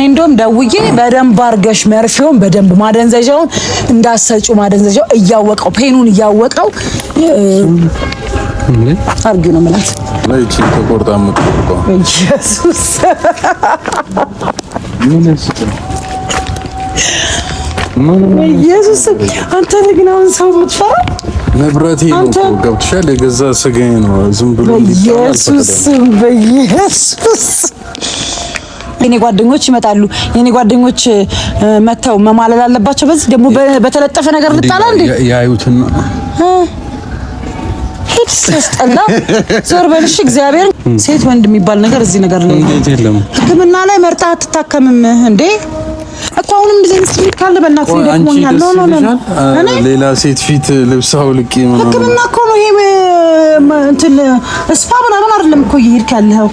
እኔ እንደውም ደውዬ በደንብ አርገሽ መርፌውን በደንብ ማደንዘዣውን እንዳሰጩ ማደንዘዣው እያወቀው ፔኑን እያወቀው አርጊ ነው ማለት ለይቺ ተቆርጣ ምጥቆ ኢየሱስ ኢየሱስ አንተ ግን አሁን ሰው ምትፈራ ንብረቴ ነው ገብቶሻል። የገዛ ስጋዬ ነው ዝም ብሎ ኢየሱስ በኢየሱስ የኔ ጓደኞች ይመጣሉ። የኔ ጓደኞች መተው መማለል አለባቸው። በዚህ ደግሞ በተለጠፈ ነገር ልጣላ እንዴ ያዩትን ሄድ ሲያስጠላ ዞር በልሽ። እግዚአብሔር ሴት ወንድ የሚባል ነገር እዚህ ነገር ላይ ሕክምና ላይ መርጣ አትታከምም እንዴ እኮ አሁንም እንደዚህ ስሜት ካለ በእናትህ ይደክሞኛል። ሌላ ሴት ፊት ልብስ አውልቄ ሕክምና እኮ ነው ይሄ እንትን እስፋ ምናምን አይደለም እኮ እየሄድክ ያለኸው።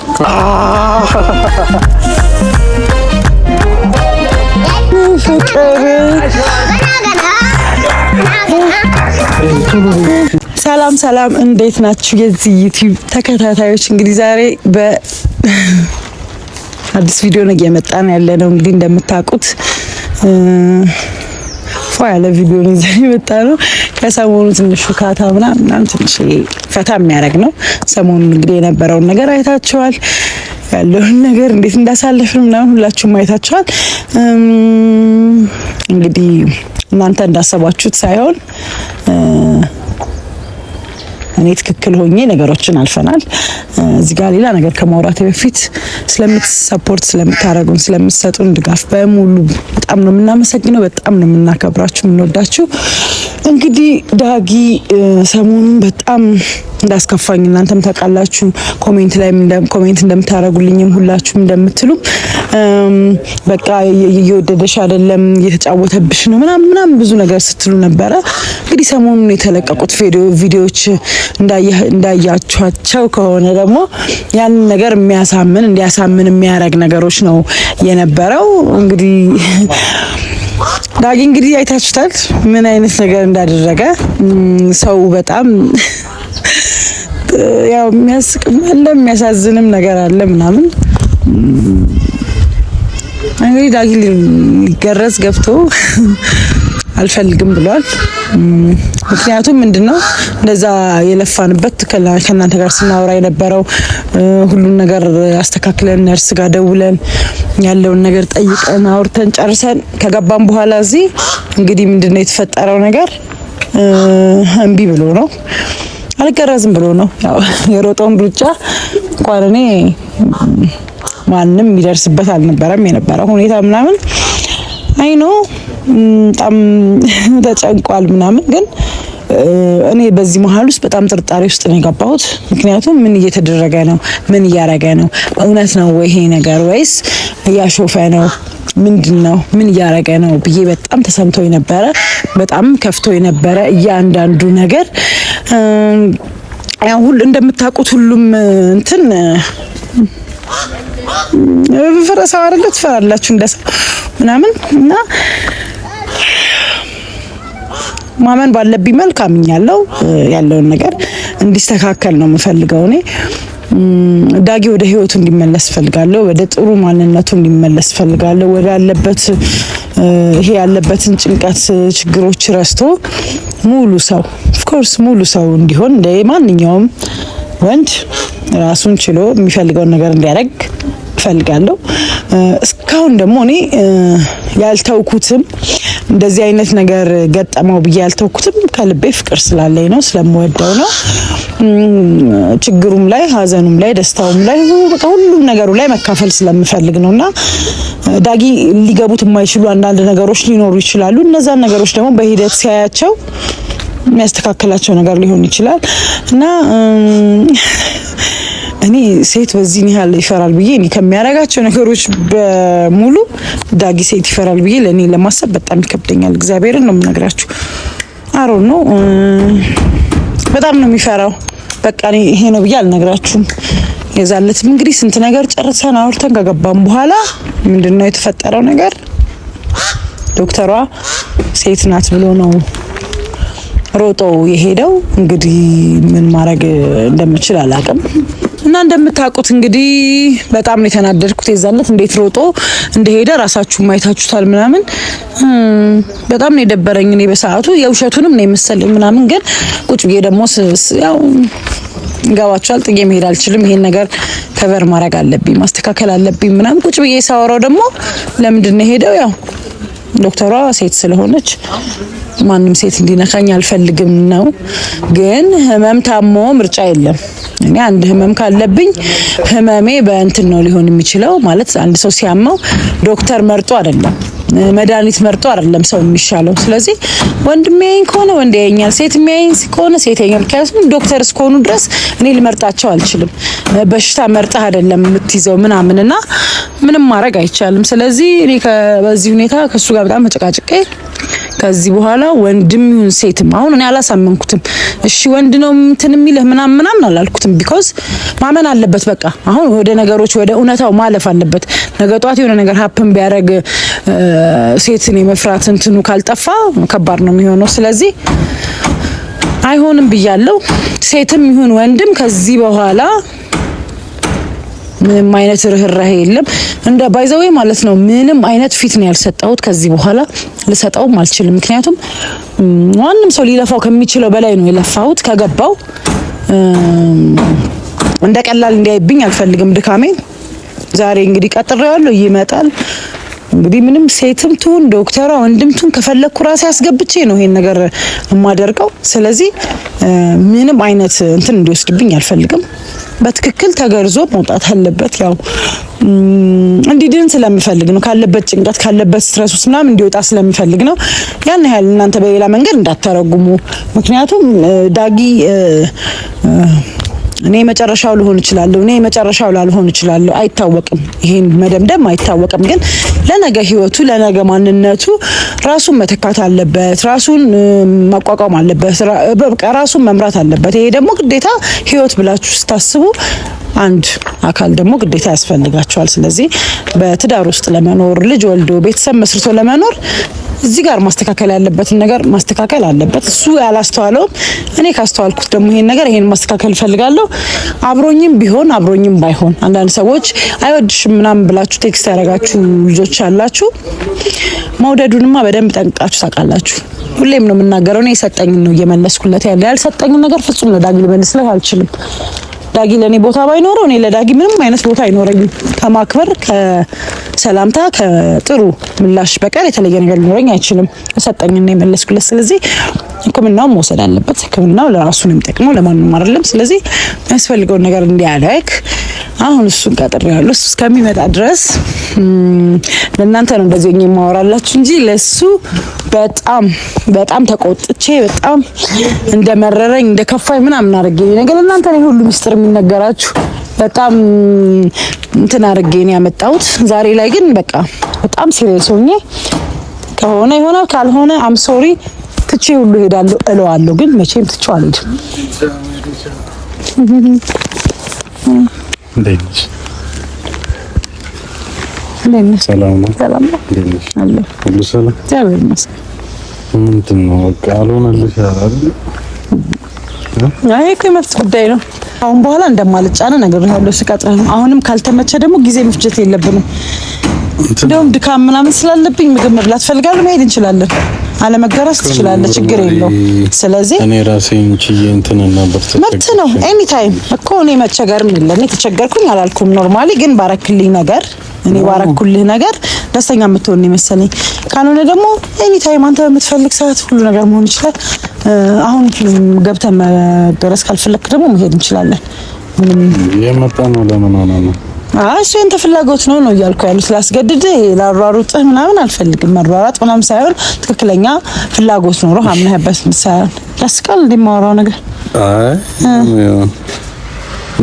ሰላም ሰላም፣ እንዴት ናችሁ የዚህ ዩቲዩብ ተከታታዮች? እንግዲህ ዛሬ በአዲስ ቪዲዮ ነው እየመጣን ያለ ነው። እንግዲህ እንደምታውቁት ፏ ያለ ቪዲዮ ነው ይዘን የመጣ ነው። ከሰሞኑ ትንሽ ሹካታ ምናምን ምናምን ትንሽ ፈታ የሚያደርግ ነው። ሰሞኑን እንግዲህ የነበረውን ነገር አይታችኋል። ያለውን ነገር እንዴት እንዳሳለፍን ምናምን ሁላችሁም አይታችኋል። እንግዲህ እናንተ እንዳሰባችሁት ሳይሆን እኔ ትክክል ሆኜ ነገሮችን አልፈናል። እዚህ ጋር ሌላ ነገር ከማውራት በፊት ስለምትሰፖርት ስለምታደርጉን ስለምትሰጡን ድጋፍ በሙሉ በጣም ነው የምናመሰግነው። በጣም ነው የምናከብራችሁ፣ የምንወዳችሁ። እንግዲህ ዳጊ ሰሞኑን በጣም እንዳስከፋኝ እናንተም ታውቃላችሁ። ኮሜንት ላይ ኮሜንት እንደምታደርጉልኝም ሁላችሁም እንደምትሉ በቃ እየወደደሽ አይደለም እየተጫወተብሽ ነው ምናምን ምናምን ብዙ ነገር ስትሉ ነበረ። እንግዲህ ሰሞኑን የተለቀቁት ቪዲዮዎች እንዳያቸቸው ከሆነ ደግሞ ያንን ነገር የሚያሳምን እንዲያሳምን የሚያደርግ ነገሮች ነው የነበረው። እንግዲህ ዳጊ እንግዲህ አይታችሁታል ምን አይነት ነገር እንዳደረገ ሰው በጣም ያው የሚያስቅም አለ የሚያሳዝንም ነገር አለ ምናምን እንግዲህ ዳጊ ሊገረዝ ገብቶ አልፈልግም ብሏል። ምክንያቱም ምንድነው እንደዛ የለፋንበት ከእናንተ ጋር ስናወራ የነበረው ሁሉን ነገር አስተካክለን ነርስ ጋር ደውለን ያለውን ነገር ጠይቀን አውርተን ጨርሰን ከገባን በኋላ እዚህ እንግዲህ ምንድነው የተፈጠረው ነገር እምቢ ብሎ ነው አልገረዝም ብሎ ነው ያው የሮጠውን ሩጫ እንኳን እኔ ማንም ይደርስበት አልነበረም የነበረው ሁኔታ ምናምን አይ ነው በጣም ተጨንቋል ምናምን ግን እኔ በዚህ መሀል ውስጥ በጣም ጥርጣሬ ውስጥ ነው የገባሁት። ምክንያቱም ምን እየተደረገ ነው? ምን እያረገ ነው? እውነት ነው ወይሄ ይሄ ነገር ወይስ እያሾፈ ነው? ምንድን ነው? ምን እያረገ ነው ብዬ በጣም ተሰምቶ የነበረ በጣም ከፍቶ የነበረ እያንዳንዱ ነገር ሁሉ እንደምታውቁት ሁሉም እንትን ፈረሰው አይደለ ትፈራላችሁ እንደሰው ምናምን እና ማመን ባለብኝ መልክ አምኛለሁ። ያለውን ነገር እንዲስተካከል ነው የምፈልገው እኔ ዳጊ ወደ ህይወቱ እንዲመለስ ፈልጋለሁ። ወደ ጥሩ ማንነቱ እንዲመለስ ፈልጋለሁ። ወደ ያለበት ይሄ ያለበትን ጭንቀት፣ ችግሮች ረስቶ ሙሉ ሰው ኦፍኮርስ ሙሉ ሰው እንዲሆን እንደ ማንኛውም ወንድ ራሱን ችሎ የሚፈልገውን ነገር እንዲያደርግ ፈልጋለሁ። እስካሁን ደግሞ እኔ ያልተውኩትም እንደዚህ አይነት ነገር ገጠመው ብዬ ያልተውኩትም ከልቤ ፍቅር ስላለኝ ነው፣ ስለምወደው ነው። ችግሩም ላይ ሀዘኑም ላይ ደስታውም ላይ በቃ ሁሉም ነገሩ ላይ መካፈል ስለምፈልግ ነው እና ዳጊ ሊገቡት የማይችሉ አንዳንድ ነገሮች ሊኖሩ ይችላሉ። እነዛን ነገሮች ደግሞ በሂደት ሲያያቸው የሚያስተካክላቸው ነገር ሊሆን ይችላል እና እኔ ሴት በዚህን ያህል ይፈራል ብዬ እኔ ከሚያረጋቸው ነገሮች በሙሉ ዳጊ ሴት ይፈራል ብዬ ለእኔ ለማሰብ በጣም ይከብደኛል። እግዚአብሔርን ነው የምነግራችሁ። አሮ ነው በጣም ነው የሚፈራው። በቃ እኔ ይሄ ነው ብዬ አልነግራችሁም። የዛለትም እንግዲህ ስንት ነገር ጨርሰን አውርተን ከገባም በኋላ ምንድነው የተፈጠረው ነገር ዶክተሯ ሴት ናት ብሎ ነው ሮጦ የሄደው። እንግዲህ ምን ማድረግ እንደምችል አላቅም። እና እንደምታውቁት እንግዲህ በጣም ነው የተናደድኩት። የዛለት እንዴት ሮጦ እንደሄደ ራሳችሁ ማየታችሁታል ምናምን በጣም ነው የደበረኝ እኔ በሰዓቱ የውሸቱንም ነው የመሰለኝ ምናምን። ግን ቁጭ ብዬ ደግሞ ያው ገባችኋል፣ ጥዬ መሄድ አልችልም። ይሄን ነገር ከቨር ማድረግ አለብኝ፣ ማስተካከል አለብኝ ምናምን ቁጭ ብዬ ሳወራው ደግሞ ለምንድን ነው የሄደው ያው ዶክተሯ ሴት ስለሆነች ማንም ሴት እንዲነካኝ አልፈልግም ነው። ግን ህመም ታሞ ምርጫ የለም። እኔ አንድ ህመም ካለብኝ ህመሜ በእንትን ነው ሊሆን የሚችለው ማለት አንድ ሰው ሲያመው ዶክተር መርጦ አይደለም መድኃኒት መርጦ አይደለም ሰው የሚሻለው። ስለዚህ ወንድ የሚያይኝ ከሆነ ወንድ ያኛል፣ ሴት የሚያይኝ ከሆነ ሴት ያኛል። ምክንያቱም ዶክተር እስከሆኑ ድረስ እኔ ልመርጣቸው አልችልም። በሽታ መርጠህ አይደለም የምትይዘው ምናምን እና ምንም ማድረግ አይቻልም። ስለዚህ እኔ በዚህ ሁኔታ ከእሱ ጋር በጣም መጨቃጭቄ ከዚህ በኋላ ወንድም ይሁን ሴትም አሁን እኔ አላሳመንኩትም። እሺ ወንድ ነው እንትን የሚልህ ምናምን ምናምን አላልኩትም። ቢኮዝ ማመን አለበት። በቃ አሁን ወደ ነገሮች ወደ እውነታው ማለፍ አለበት። ነገ ጧት የሆነ ነገር ሀፕን ቢያደርግ ሴትን የመፍራት እንትኑ ካልጠፋ ከባድ ነው የሚሆነው። ስለዚህ አይሆንም ብያለሁ። ሴትም ይሁን ወንድም ከዚህ በኋላ ምንም አይነት ርህራሄ የለም። እንደ ባይዘዌ ማለት ነው። ምንም አይነት ፊት ነው ያልሰጠሁት። ከዚህ በኋላ ልሰጠውም አልችልም። ምክንያቱም ማንም ሰው ሊለፋው ከሚችለው በላይ ነው የለፋሁት። ከገባው እንደ ቀላል እንዲያይብኝ አልፈልግም ድካሜ። ዛሬ እንግዲህ ቀጥሬዋለሁ፣ ይመጣል እንግዲህ ምንም ሴትም ትሁን ዶክተሯ ወንድም ትሁን ከፈለግኩ ራሴ አስገብቼ ነው ይሄን ነገር የማደርገው። ስለዚህ ምንም አይነት እንትን እንዲወስድብኝ አልፈልግም። በትክክል ተገርዞ መውጣት አለበት። ያው እንዲድን ስለምፈልግ ነው። ካለበት ጭንቀት ካለበት ስትረስ ውስጥ ምናምን እንዲወጣ ስለምፈልግ ነው። ያን ያህል እናንተ በሌላ መንገድ እንዳተረጉሙ። ምክንያቱም ዳጊ እኔ መጨረሻው ልሆን እችላለሁ፣ እኔ መጨረሻው ላልሆን እችላለሁ። አይታወቅም፣ ይሄን መደምደም አይታወቅም። ግን ለነገ ህይወቱ፣ ለነገ ማንነቱ ራሱን መተካት አለበት፣ ራሱን መቋቋም አለበት፣ በቃ ራሱን መምራት አለበት። ይሄ ደግሞ ግዴታ ህይወት ብላችሁ ስታስቡ አንድ አካል ደግሞ ግዴታ ያስፈልጋቸዋል። ስለዚህ በትዳር ውስጥ ለመኖር ልጅ ወልዶ ቤተሰብ መስርቶ ለመኖር እዚህ ጋር ማስተካከል ያለበትን ነገር ማስተካከል አለበት። እሱ ያላስተዋለውም እኔ ካስተዋልኩት ደግሞ ይሄን ነገር ይሄን ማስተካከል እፈልጋለሁ። አብሮኝም ቢሆን አብሮኝም ባይሆን አንዳንድ ሰዎች አይወድሽም ምናምን ብላችሁ ቴክስት ያደረጋችሁ ልጆች አላችሁ። መውደዱንማ በደንብ ጠንቅቃችሁ ታውቃላችሁ። ሁሌም ነው የምናገረው። እኔ የሰጠኝን ነው እየመለስኩለት ያለ ያልሰጠኝን ነገር ፍጹም ነው ዳግል አልችልም። ዳጊ ለኔ ቦታ ባይኖረው እኔ ለዳጊ ምንም አይነት ቦታ አይኖረኝም። ከማክበር ከሰላምታ ከጥሩ ምላሽ በቀር የተለየ ነገር ሊኖረኝ አይችልም። እና የመለስኩለት ስለዚህ ሕክምናውን መውሰድ አለበት። ሕክምናው ለራሱን የሚጠቅመው ለማንም አይደለም። ስለዚህ የሚያስፈልገውን ነገር እንዲያደርግ አሁን እሱን ቀጥር ያሉ እሱ እስከሚመጣ ድረስ ለእናንተ ነው እንደዚህ እኔ የማወራላችሁ እንጂ ለሱ በጣም በጣም ተቆጥቼ በጣም እንደመረረኝ እንደከፋኝ ምናምን አድርጌ ነገር ለእናንተ ነው ሁሉ ሚስጥር የሚነገራችሁ በጣም እንትን አድርጌ ነው ያመጣሁት። ዛሬ ላይ ግን በቃ በጣም ሲሪየስ ሆኜ ከሆነ ይሆናል ካልሆነ አም ሶሪ ትቼ ሁሉ ሄዳለሁ እለዋለሁ፣ ግን መቼም ትቼው አልሄድም። ይሄ እኮ የመብት ጉዳይ ነው። አሁን በኋላ እንደማልጫነ ነገር ያለው ስቀጥረህ አሁንም ካልተመቸ ደግሞ ጊዜ መፍጀት የለብንም። እንደውም ድካም ምናምን ስላለብኝ ምግብ መብላት ፈልጋለሁ። መሄድ እንችላለን። አለመገረዝ ትችላለህ፣ ችግር የለው። ስለዚህ እኔ ራሴን ችዬ እንትን ነበር መብት ነው። ኤኒ ታይም እኮ እኔ መቸገርም የለ እኔ ተቸገርኩኝ አላልኩም። ኖርማሊ ግን ባረክልኝ ነገር እኔ ባረኩልህ ነገር ደስተኛ የምትሆን የመሰለኝ። ካልሆነ ደግሞ ኤኒ ታይም አንተ በምትፈልግ ሰዓት ሁሉ ነገር መሆን ይችላል። አሁን ገብተን መገረዝ ካልፈለክ ደግሞ መሄድ እንችላለን። ምንም የመጣ ነው ለምን ሆነ ነው እሱ ያንተ ፍላጎት ነው ነው እያልኩ ያሉት። ላስገድድህ ላሯሩጥህ ምናምን አልፈልግም። መሯሯጥ ምናምን ሳይሆን ትክክለኛ ፍላጎት ኖሮ አምነህበት ምሳሌ ያስቃል። እንደማወራው ነገር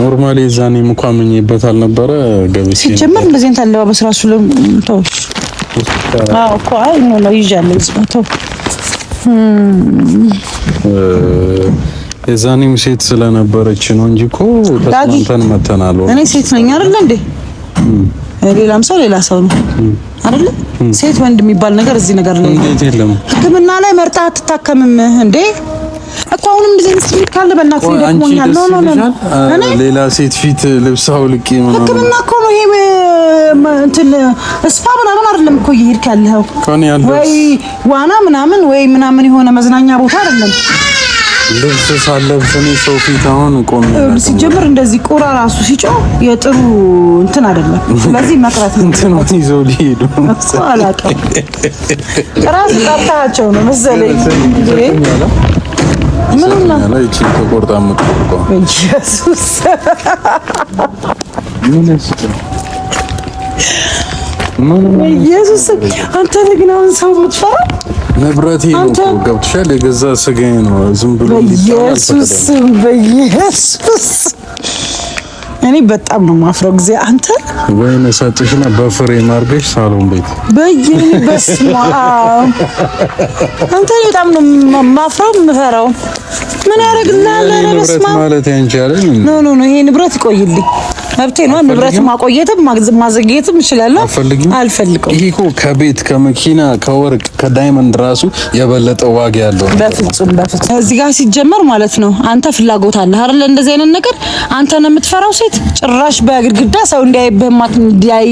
ኖርማሊ ዛኔ ሙቋምኝበት አልነበረ ገብቼ ሲጀምር እንደዚህ እንትን አለባበስ ራሱ ለምተው አዎ እኮ አይ ነው ነው ይዣለሁ የዛኔም ሴት ስለነበረች ነው እንጂ እኮ ተስማምተን መተናል። እኔ ሴት ነኝ አይደል እንዴ? ሌላም ሰው ሌላ ሰው ነው አይደል? ሴት ወንድ የሚባል ነገር እዚህ ነገር ላይ የለም። ሕክምና ላይ መርጣ አትታከምም እንዴ? እኮ አሁንም እንደዚህ ምስል ካለ በእናትህ ይደክሞኛል። ኖ ኖ ኖ ሌላ ሴት ፊት ልብስ አውልቄ ነው? ሕክምና እኮ ነው ይሄ እንትን እስፋ ምናምን አይደለም እኮ እየሄድክ ያለኸው ወይ ዋና ምናምን ወይ ምናምን የሆነ መዝናኛ ቦታ አይደለም ልብስ ሳለብስ እኔ ሰው ፊት አሁን ቆም ሲጀምር እንደዚህ ቁራ ራሱ ሲጮ የጥሩ እንትን አይደለም። ስለዚህ መቅረት እንትን ነው ይዘው ሊሄዱ አላውቅም። ራስ ጠርታቸው ነው መሰለኝ ምን ኢየሱስ አንተ ግን አሁን ሰው የምትፈራ ንብረቴ ነው ገብቶሻል። የገዛ ስጋዬ ነው። ዝም ብሎ በኢየሱስ በኢየሱስ እኔ በጣም ነው ማፍረው ጊዜ አንተ ወይን ሰጥሽና በፍሬ ማርገሽ ሳሎን ቤት በየኔ በስማ አንተ በጣም ነው ማፍረው ምፈረው ምን ያደርግልሃል? ኧረ በስመ አብ ማለት ኖ ኖ ኖ ይሄ ንብረት ይቆይልኝ መብቴ ነው። ንብረት ማቆየትም ማዘግየትም እችላለሁ። አልፈልግም። ይሄ እኮ ከቤት ከመኪና ከወርቅ ከዳይመንድ ራሱ የበለጠ ዋጋ ያለው ነው። በፍጹም በፍጹም። እዚህ ጋር ሲጀመር ማለት ነው አንተ ፍላጎት አለ አይደል? እንደዚህ አይነት ነገር አንተ ነው የምትፈራው። ሴት ጭራሽ በግድግዳ ሰው እንዲያይብህ ማት እንዲያይ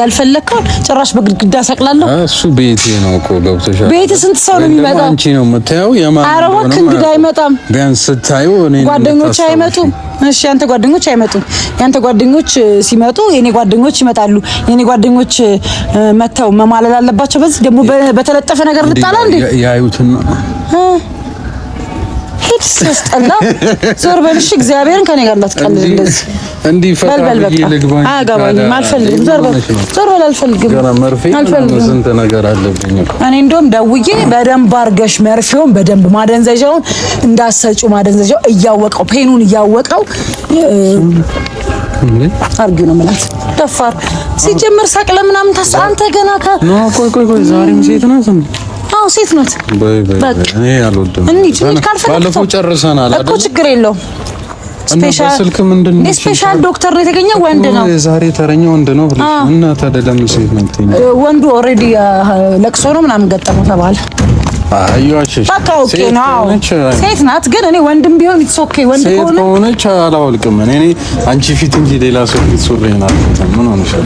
ያልፈለግከው ጭራሽ በግድግዳ ሰቅላለሁ። እሱ ቤቴ ነው እኮ ገብቶሻል። ቤት ስንት ሰው ነው የሚመጣው? አንቺ ነው የምታየው። የማን ኧረ እባክህ እንግዳ አይመጣም። ቢያንስ ስታዩ እኔ ጓደኞች አይመጡም። እሺ አንተ ጓደኞች አይመጡም። ያንተ ጓደኞች ጓደኞች ሲመጡ የኔ ጓደኞች ይመጣሉ። የኔ ጓደኞች መተው መማለል አለባቸው። በዚህ ደግሞ በተለጠፈ ነገር ልጣላ እንዴ? ያዩትን ሄድስ ዞር በልሽ። እግዚአብሔርን ከኔ ጋር እንደዚህ ደውዬ በደንብ መርፌውን በደንብ ማደንዘዣውን እንዳሰጩ ማደንዘዣው እያወቀው ፔኑን እያወቀው ነው የምልህ። አድርጊው ነው የምላት። ደፋር ሲጀምር ሳቅ ለምናምን ታስ አንተ ገና ከ ኖ ቆይ ቆይ ቆይ፣ ዛሬም ሴት ናት። አዎ ሴት ናት። በይ በይ፣ እኔ አልወደም። እንሂድ ካልፈለግክ ባለፈው ጨርሰናል አይደል እኮ ችግር የለውም ስፔሻል ዶክተር ነው የተገኘው። ወንድ ነው ዛሬ ተረኛ ወንድ ነው ብለሽ እና ታዲያ ሴት ነው የምትይኝ? ወንዱ ኦልሬዲ ለቅሶ ነው ምናምን ገጠመው ተባለ። ሴት ናት ግን እኔ ወንድም ቢሆን ኢትስ ኦኬ። ወንድ ከሆነች አላወልቅም እኔ አንቺ ፊት እንጂ ሌላ ሰው ፊት ሱሬን አልፈትም። ምን ሆነሻል?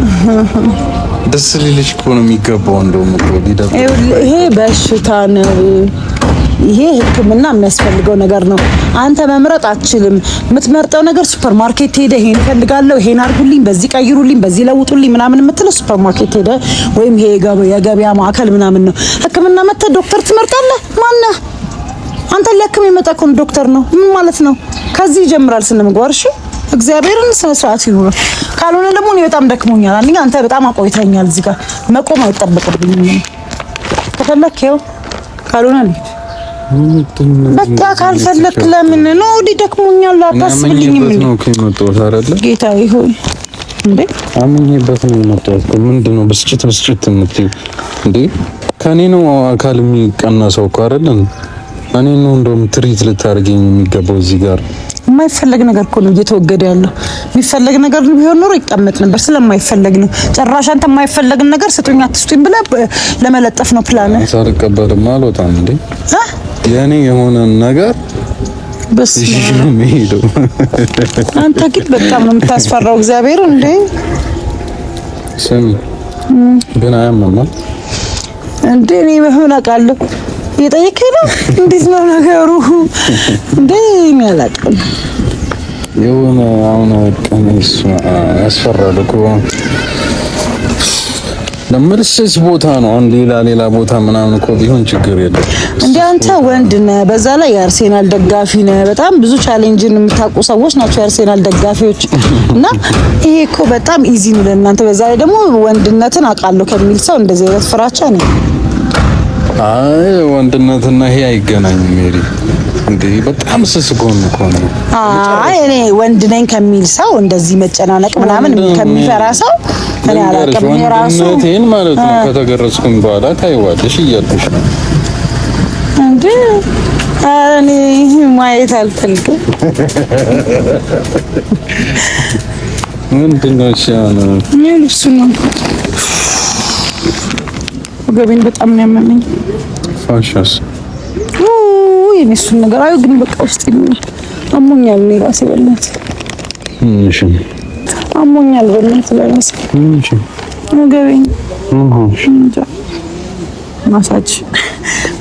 ደስ ሊልሽ እኮ ነው የሚገባው። እንደውም እኮ ይሄ በሽታ ነው ይሄ ህክምና የሚያስፈልገው ነገር ነው። አንተ መምረጥ አትችልም። የምትመርጠው ነገር ሱፐር ማርኬት ሄደ ይሄን ፈልጋለሁ፣ ይሄን አርጉልኝ፣ በዚህ ቀይሩልኝ፣ በዚህ ለውጡልኝ ምናምን የምትለው ሱፐር ማርኬት ሄደ ወይም ይሄ የገበያ ማዕከል ምናምን ነው። ህክምና መጥተህ ዶክተር ትመርጣለህ? ማነ አንተ? ሊያክም የመጣ ዶክተር ነው። ምን ማለት ነው? ከዚህ ይጀምራል ስነ ምግባር። እሺ እግዚአብሔርን ስነ ስርዓት ይኑር። ካልሆነ ደግሞ እኔ በጣም ደክሞኛል። አንኛ አንተ በጣም አቆይተኛል። እዚህ ጋር መቆም አይጠበቅብኝም። ከተመከው ካልሆነ በቃ ካልፈለክ ለምን ነው? ወዲህ ደክሞኛል፣ አታስብልኝም ነው የመጣሁት እንዴ አምኜበት ነው የመጣሁት ምንድን ነው ብስጭት ብስጭት የምትይው እንዴ? ከኔ ነው አካል የሚቀነሰው እኮ አይደለ? እኔ ነው እንደውም ትሪት ልታደርገኝ የሚገባው እዚህ ጋር። የማይፈለግ ነገር እኮ ነው እየተወገደ ያለው። የሚፈለግ ነገር ቢሆን ኖሮ ይቀመጥ ነበር። ስለማይፈለግ ነው ጭራሽ። አንተ የማይፈለግን ነገር ስጡኝ አትስጡኝ ብለህ ለመለጠፍ ነው ፕላን። ሳልቀበልማ አልወጣም እንዴ የኔ የሆነ ነገር በስ ነው አንተ ግን በጣም ነው የምታስፈራው። እግዚአብሔር እንዴ ስም ግን አያመማ እንዴ እኔ በሆነ አውቃለሁ። እየጠየከኝ ነው። እንዴት ነው ነገሩ? እንዴ የሚያላቅም የሆነ አሁን ቀን ያስፈራል እኮ ለምልስስ ቦታ ነው። አሁን ሌላ ሌላ ቦታ ምናምን እኮ ቢሆን ችግር የለም። እንደ አንተ ወንድ ነህ፣ በዛ ላይ የአርሴናል ደጋፊ ነህ። በጣም ብዙ ቻሌንጅን የምታውቁ ሰዎች ናቸው የአርሴናል ደጋፊዎች እና ይሄ እኮ በጣም ኢዚ ነው ለእናንተ። በዛ ላይ ደግሞ ወንድነትን አውቃለሁ ከሚል ሰው እንደዚህ አይነት ፍራቻ ነው። አይ ወንድነትና ይሄ አይገናኝም ሜሪ እንዴ በጣም ስስ ጎን እኮ ነው። አይ እኔ ወንድ ነኝ ከሚል ሰው እንደዚህ መጨናነቅ ምናምን ከሚፈራ ሰው እኔ አላውቅም። የራሱ ወንድነቴን ማለት ነው ከተገረዝኩም በኋላ ታይዋለሽ እያልኩሽ ነው እንዴ እኔ ማየት አልፈልግም። ምንድን ነው ልብሱ ነው ወገቤን በጣም ነው ያመመኝ። የኔ እሱን ነገር አዩ ግን በቃ ውስጥ አሞኛል። እኔ ራሴ በእናት እሺ፣ አሞኛል በእናት ለራሴ እሺ፣ ምግበኝ እንጃ ማሳጅ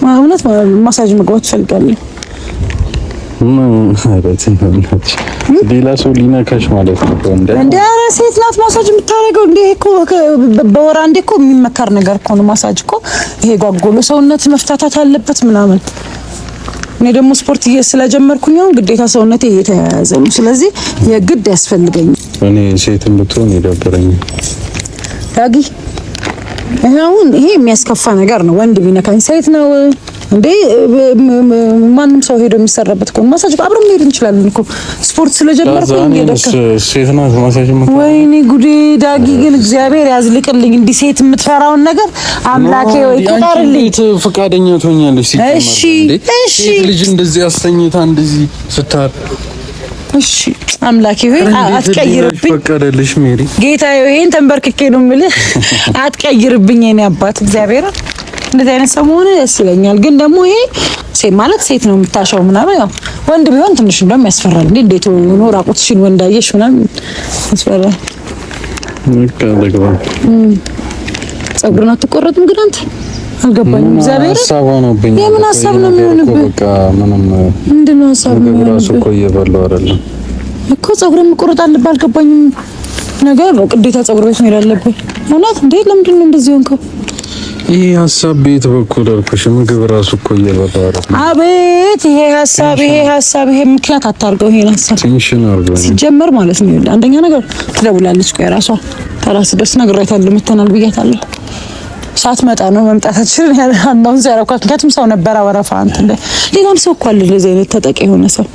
ማውነት ማሳጅ መግባት ትፈልጋለህ? ሌላ ሰው ሊነካሽ ማለት ነው እንዴ? ኧረ ሴት ናት ማሳጅ የምታደርገው እንዴ? እኮ በወር አንዴ እኮ የሚመከር ነገር እኮ ነው። ማሳጅ እኮ ይሄ ጓጎሎ ሰውነት መፍታታት አለበት ምናምን እኔ ደግሞ ስፖርት ስለጀመርኩኝ አሁን ግዴታ ሰውነቴ እየተያያዘ ነው። ስለዚህ የግድ ያስፈልገኛል። እኔ ሴት ብትሆን ይደብረኝ ዳጊ። ይሄ የሚያስከፋ ነገር ነው። ወንድ ቢነካኝ ሴት ነው እንዴ ማንም ሰው ሄዶ የሚሰራበት እኮ ማሳጅ አብረን መሄድ እንችላለን እኮ ስፖርት ስለጀመርኩ ወይኔ ጉዴ ዳጊ ግን እግዚአብሔር ያዝልቅልኝ እንዲህ ሴት የምትፈራውን ነገር አምላኬ ወይ ቁጠርልኝ ፈቃደኛ ትሆኛለሽ እሺ እሺ ልጅ እንደዚህ አስተኝታ እንደዚህ ስታር እሺ አምላኬ ሆይ አትቀይርብኝ። ፈቀደልሽ ሜሪ ጌታዬ፣ ይሄን ተንበርክኬ ነው የምልህ። አትቀይርብኝ የኔ አባት እግዚአብሔር እንደዚህ አይነት ሰው መሆን ደስ ይለኛል። ግን ደግሞ ይሄ ሴት ማለት ሴት ነው የምታሸው ምናምን። ያው ወንድ ቢሆን ትንሽ እንደውም ያስፈራል። እንዴ እንዴት ሆኖ ራቁትሽን ወንድ አየሽ ምናምን ያስፈራል። ጸጉርን አትቆረጥም ግን አንተ አልገባኝም። እግዚአብሔር ሀሳብ ሆኖብኝ የምን ሀሳብ ነው የሚሆንብህ? በቃ ምንም ምንድን ነው ሀሳብ ነው ራሱ እኮ አይደለም እኮ ጸጉርን መቆረጥ አለብህ። አልገባኝም ነገር ግዴታ ጸጉር ቤት መሄድ አለብህ እውነት? እንዴ ለምንድን ነው እንደዚህ ሆንከው? ይህ ሀሳብ ቤት በኩል አልኩሽ፣ ምግብ ራሱ እኮ እየበላ አቤት፣ ይሄ ሀሳብ ይሄ ሀሳብ ይሄ ምክንያት አታርገው። ይሄን ሀሳብ ቴንሽን አርገው ሲጀመር ማለት ነው። አንደኛ ነገር ትደውላለች፣ ቆይ ራሷ ተራስ ደስ ነግሬታለሁ፣ መተናል ብያታለሁ። ሳትመጣ ነው መምጣታችን አንዳውን ዘራኳት። ምክንያቱም ሰው ነበረ ወረፋ አንተ እንደ ሌላም ሰው እኮ አለ ለዚህ አይነት ተጠቂ የሆነ ሰው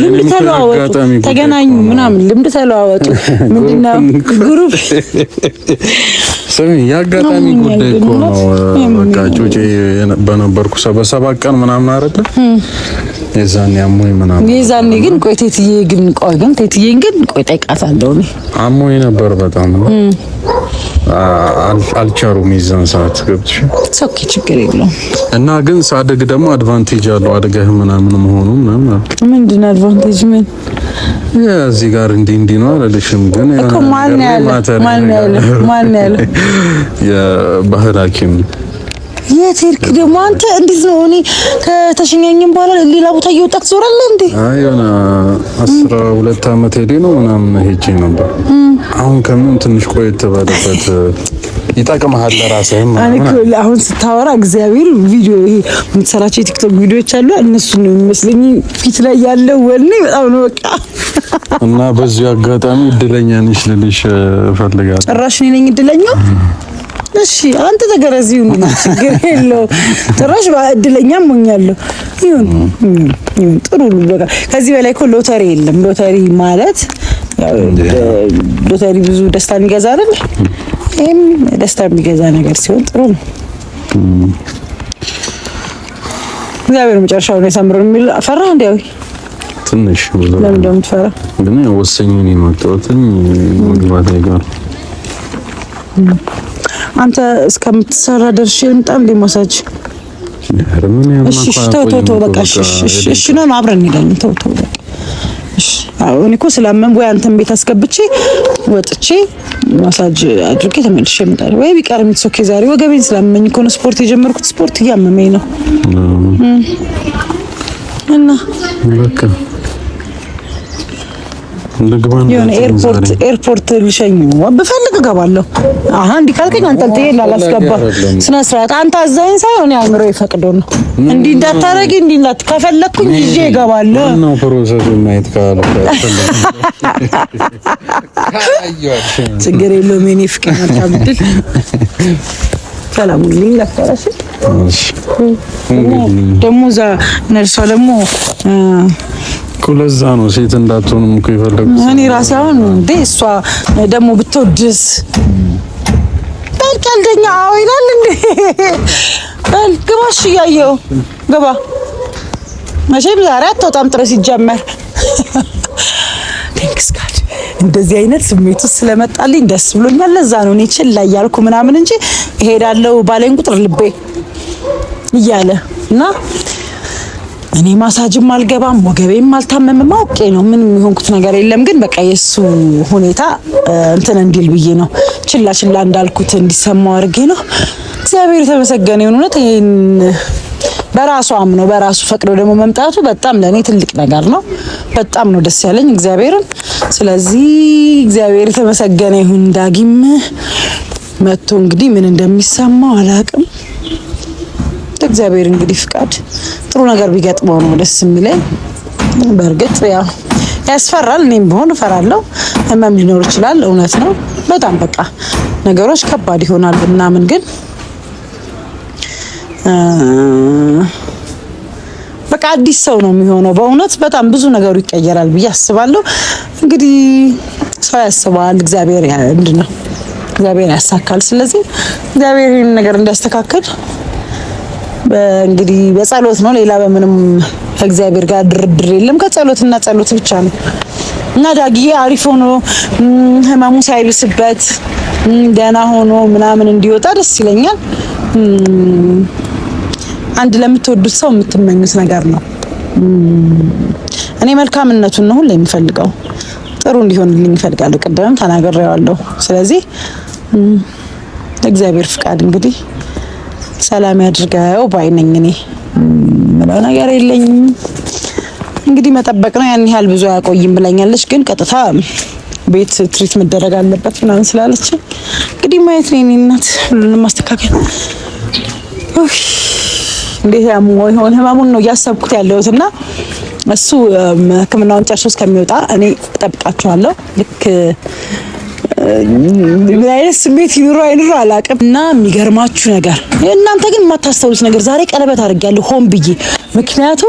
ልምድ ተለዋወጡ፣ ተገናኙ ምናምን ልምድ ተለዋወጡ ምንድነው ግሩፕ ስሚ የአጋጣሚ ጉዳይ እኮ ነው። በቃ ጩጬ በነበርኩ በሰባት ቀን ምናምን አይደለ የዛን አሞኝ ምናምን የዛን ግን ቆይ ቴትዬ ግን ቆይ ግን ቴትዬ ግን ቆይ ጠይቃታለሁ። እኔ አሞኝ ነበር በጣም አልቻሉም። የዛን ሰዓት ገብቼ ሶኬ ችግር የለውም እና ግን ሳድግ ደግሞ አድቫንቴጅ አለው አድገህ ምናምን መሆኑ ምናምን ምንድን አድቫንቴጅ ምን እዚህ ጋር እንዲህ እንዲህ ነው አላለሽም። ግን ማን ያለ ያለ ማን ማን ያለ የባህል ሐኪም የት ሄድክ ደግሞ አንተ? እንዴት ነው እኔ ከተሸኛኝም በኋላ ሌላ ቦታ እየወጣክ ትዞራለህ እንዴ? አይ የሆነ አስራ ሁለት ዓመት ሄዴ ነው ምናምን ሄጄ ነበር። አሁን ከምን ትንሽ ቆየት ባለበት ይጠቅምሃል ለራስህም። አሁን ስታወራ እግዚአብሔር ቪዲዮ ይሄ የምትሰራቸው የቲክቶክ ቪዲዮዎች አሉ እነሱን ነው የሚመስለኝ ፊት ላይ ያለው ወኔ በጣም ነው በቃ። እና በዚሁ አጋጣሚ እድለኛ ነሽ ልልሽ እፈልጋለሁ። ራሽ እኔ ነኝ እድለኛ እሺ አንተ ተገረዚው ነው ችግር የለው። ጭራሽ እድለኛም ሆኛለሁ። ይሁን ይሁን ጥሩ በቃ ከዚህ በላይ እኮ ሎተሪ የለም። ሎተሪ ማለት ሎተሪ ብዙ ደስታ የሚገዛ አይደል? ይሄም ደስታ የሚገዛ ነገር ሲሆን ጥሩ ነው። እግዚአብሔር መጨረሻው ነው ያሳምረው የሚል ፈራ እንዲያው ትንሽ ለምን እንደምትፈራ ግን ወሰኝ ነው የመጣሁት መግባት አይገባም አንተ እስከምትሰራ ደርሼ ልምጣ እንዴ? መውሰድ እሺ፣ በቃ እሺ፣ ነው አብረን እንሄዳለን። ተው ተው፣ በቃ አሁን እኮ ስላመም ወይ አንተን ቤት አስገብቼ ወጥቼ ማሳጅ አድርጌ ተመልሼ እመጣለሁ ወይ ቢቀርም ሶኬ። ዛሬ ወገቤን ስላመመኝ እኮ ነው ስፖርት የጀመርኩት። ስፖርት እያመመኝ ነው እና በቃ ኤርፖርት ኤርፖርት ልሸኝ ብፈልግ እገባለሁ። አሀ እንዲህ ካልከኝ አንጠልጥዬ ላላስገባ ስነ ስርዓት አንተ አዛኝ ሳይሆን አእምሮ የፈቅዶ ነው። እንዲህ እንዳታረጊ እንዲህ እንዳት ከፈለግኩኝ ይዤ እገባለሁ ፕሮሰሱ። ማየት ካለ ችግር የለውም። የእኔ ፍቅር መልካም ሰላም ሁሉም ደግሞ እዛ ነርሷ ደግሞ ለዛ ነው ሴት እንዳትሆንም እኮ የፈለጉት። እኔ ራሴ አሁን እንዴ እሷ ደግሞ ብትወድስ በል ቀልደኛ። አዎ ይላል እንዴ በል ግባ፣ እሺ እያየው ግባ። መቼም ዛሬ አትወጣም ጥረት ሲጀመር ቴንክስ ጋድ እንደዚህ አይነት ስሜት ውስጥ ስለመጣልኝ ደስ ብሎኛል። ለዛ ነው እኔ ችላ እያልኩ ምናምን እንጂ እሄዳለሁ ባለኝ ቁጥር ልቤ እያለ እና እኔ ማሳጅም አልገባም ወገቤም አልታመምም። አውቄ ነው ምንም የሆንኩት ነገር የለም። ግን በቃ የእሱ ሁኔታ እንትን እንዲል ብዬ ነው ችላ ችላ እንዳልኩት እንዲሰማው አድርጌ ነው። እግዚአብሔር የተመሰገነ ይሁን። እውነት ይህን በራሱ አምኖ በራሱ ፈቅዶ ደግሞ መምጣቱ በጣም ለእኔ ትልቅ ነገር ነው። በጣም ነው ደስ ያለኝ እግዚአብሔርን። ስለዚህ እግዚአብሔር የተመሰገነ ይሁን። ዳጊም መጥቶ እንግዲህ ምን እንደሚሰማው አላቅም። እንደ እግዚአብሔር እንግዲህ ፍቃድ ጥሩ ነገር ቢገጥመው ነው ደስ የሚለኝ። በእርግጥ ያው ያስፈራል። እኔም ቢሆን እፈራለሁ። ህመም ሊኖር ይችላል፣ እውነት ነው። በጣም በቃ ነገሮች ከባድ ይሆናል ምናምን ግን በቃ አዲስ ሰው ነው የሚሆነው። በእውነት በጣም ብዙ ነገሩ ይቀየራል ብዬ አስባለሁ። እንግዲህ ሰው ያስባል፣ እግዚአብሔር ምንድን ነው እግዚአብሔር ያሳካል። ስለዚህ እግዚአብሔር ይህን ነገር እንዲያስተካክል እንግዲህ በጸሎት ነው። ሌላ በምንም ከእግዚአብሔር ጋር ድርድር የለም። ከጸሎትና ጸሎት ብቻ ነው እና ዳግዬ አሪፍ ሆኖ ህመሙ ሳይብስበት ደህና ሆኖ ምናምን እንዲወጣ ደስ ይለኛል። አንድ ለምትወዱት ሰው የምትመኙት ነገር ነው። እኔ መልካምነቱን ነው ሁሌ የምፈልገው። ጥሩ እንዲሆንልኝ እፈልጋለሁ። ቅድምም ተናግሬዋለሁ። ስለዚህ እግዚአብሔር ፍቃድ እንግዲህ ሰላም ያድርገው ባይነኝ። እኔ ምለው ነገር የለኝም። እንግዲህ መጠበቅ ነው። ያን ያህል ብዙ አያቆይም ብላኛለች፣ ግን ቀጥታ ቤት ትሪት መደረግ አለበት ምናምን ስላለች እንግዲህ ማየት ነው። የእኔ እናት ሁሉንም ማስተካከል እንዴት ያሞ ይሆን ህመሙን ነው እያሰብኩት ያለሁት እና እሱ ህክምናውን ጨርሶ እስከሚወጣ እኔ እጠብቃችኋለሁ ልክ ምን አይነት ስሜት ይኑሮ አይኑሮ አላውቅም። እና የሚገርማችሁ ነገር እናንተ ግን የማታስተውሉት ነገር ዛሬ ቀለበት አድርጌያለሁ ሆን ብዬ። ምክንያቱ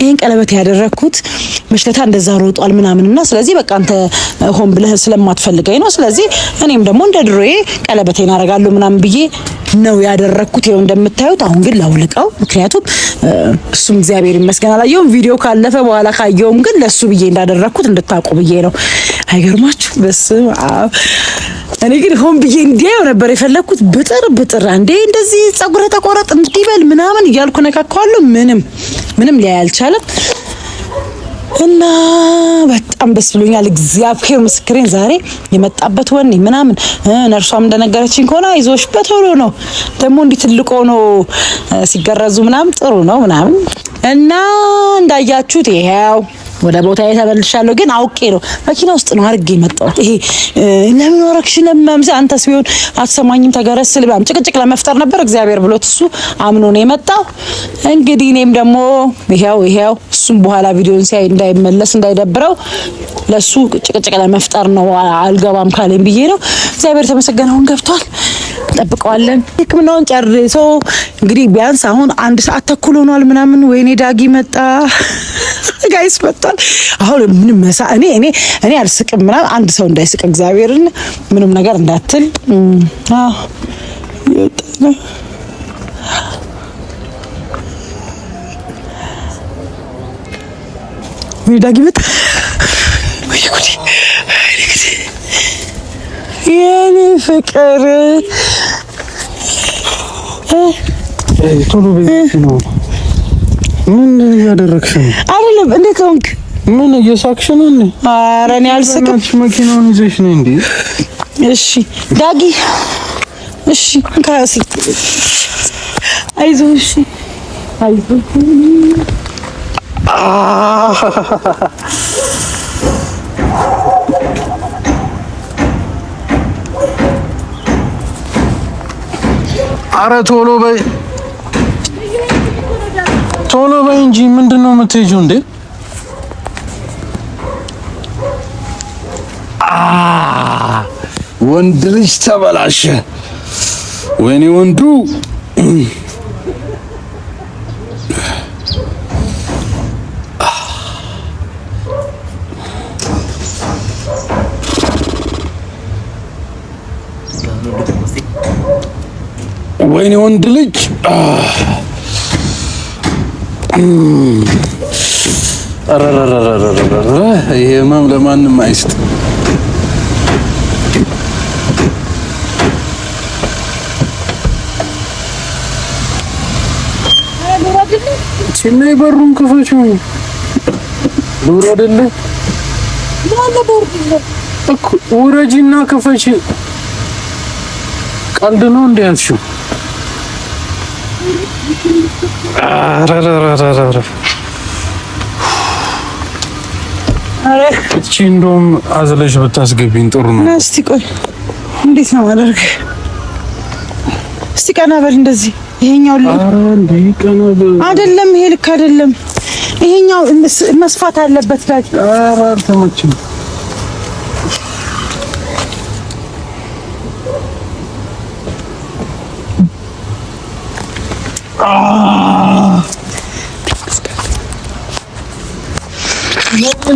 ይህን ቀለበት ያደረግኩት መሽለታ እንደዛ ሮጧል ምናምን እና ስለዚህ በቃ አንተ ሆን ብለህ ስለማትፈልገኝ ነው። ስለዚህ እኔም ደግሞ እንደ ድሮዬ ቀለበት አደርጋለሁ ምናምን ብዬ ነው ያደረግኩት። ይኸው እንደምታዩት አሁን ግን ላውልቀው። ምክንያቱም እሱም እግዚአብሔር ይመስገን አላየውም። ቪዲዮ ካለፈ በኋላ ካየውም ግን ለእሱ ብዬ እንዳደረግኩት እንድታውቁ ብዬ ነው። አይገርማችሁ? በስመ አብ። እኔ ግን ሆን ብዬ እንዲያየው ነበር የፈለግኩት። ብጥር ብጥር፣ እንዴ እንደዚህ ጸጉረ ተቆረጥ እንዲበል ምናምን እያልኩ ነካካዋለሁ። ምንም ምንም ሊያይ አልቻለም። እና በጣም ደስ ብሎኛል። እግዚአብሔር ምስክሬን። ዛሬ የመጣበት ወኔ ምናምን ነርሷም እንደነገረችኝ ከሆነ አይዞሽ በቶሎ ነው ደግሞ እንዲህ ትልቅ ሆኖ ሲገረዙ ምናምን ጥሩ ነው ምናምን እና እንዳያችሁት ይሄው ወደ ቦታ የተበልሻለሁ ግን አውቄ ነው። መኪና ውስጥ ነው አድርጌ መጣሁ። ይሄ ለምን ወረክሽ ለማምሰ አንተስ ቢሆን አትሰማኝም ተገረስል ባም ጭቅጭቅ ለመፍጠር ነበር። እግዚአብሔር ብሎት እሱ አምኖ ነው የመጣው። እንግዲህ እኔም ደግሞ ይሄው ይሄው እሱም በኋላ ቪዲዮን ሲያይ እንዳይመለስ እንዳይደብረው ለሱ ጭቅጭቅ ለመፍጠር ነው አልገባም ካለኝ ብዬ ነው። እግዚአብሔር የተመሰገነውን ገብቷል። እንጠብቀዋለን። ሕክምናውን ጨርሶ እንግዲህ ቢያንስ አሁን አንድ ሰዓት ተኩል ሆኗል ምናምን። ወይኔ ዳጊ መጣ ጋይስ መጥቷል። አሁን ምንም መሳ እኔ እኔ እኔ አልስቅም ምናምን አንድ ሰው እንዳይስቅ እግዚአብሔርን ምንም ነገር እንዳትል ዳጊ መጣ የኔ ፍቅር ቶሎ ቤት ነው ምን እያደረግሽ ነው? አይደለም እንዴት ሆንክ? ምን እየሳቅሽ ነው? ኧረ እኔ አልስቅም። መኪናውን ይዘሽ ነው እንዴ? እሺ ዳጊ፣ እሺ ካሲ፣ አይዞህ። እሺ አይዞህ። ኧረ ቶሎ በይ ቶሎ በይ እንጂ ምንድን ነው የምትሄጂው እንዴ? ወንድ ልጅ ተበላሸ። ወይኔ ወንዱ ወይኔ ወንድ ልጅ ይሄ ህመም ለማንም አይስጥ። እና በሩን ክፈችው። አይደለ ውረጂና ክፈች። ቀልድ ነው እንዲያልሽው እቺ እንደውም አዝለሽ ብታስገቢኝ ጥሩ ነው። እስቲ ቆይ እንዴት ነው ማደርግ? እስቲ ቀና በል እንደዚህ። ይሄኛው አይደለም፣ ይሄ ልክ አይደለም። ይሄኛው መስፋት አለበት ላይ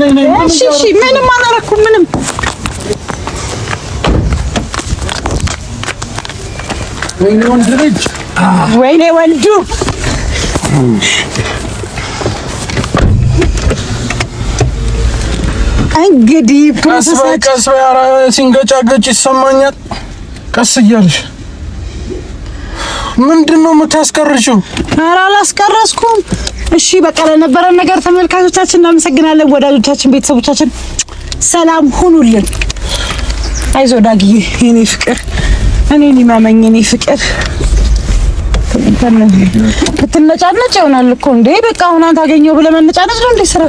ምንም አላረኩም። ምንም ወይኔ ወንዱ እንግዲህ ሲንገጫገጭ ይሰማኛል። ቀስ እያልሽ ምንድን ነው የምታስቀርሽው? ኧረ አላስቀረስኩም። እሺ በቃ ለነበረን ነገር ተመልካቾቻችን እናመሰግናለን። ወዳጆቻችን፣ ቤተሰቦቻችን ሰላም ሁኑልን። አይዞ ዳግዬ የኔ ፍቅር፣ እኔን ይማመኝ የኔ ፍቅር። ብትነጫነጭ ይሆናል እኮ እንዴ። በቃ አሁን ታገኘው ብለህ መነጫነጭ ነው እንዴ ስራ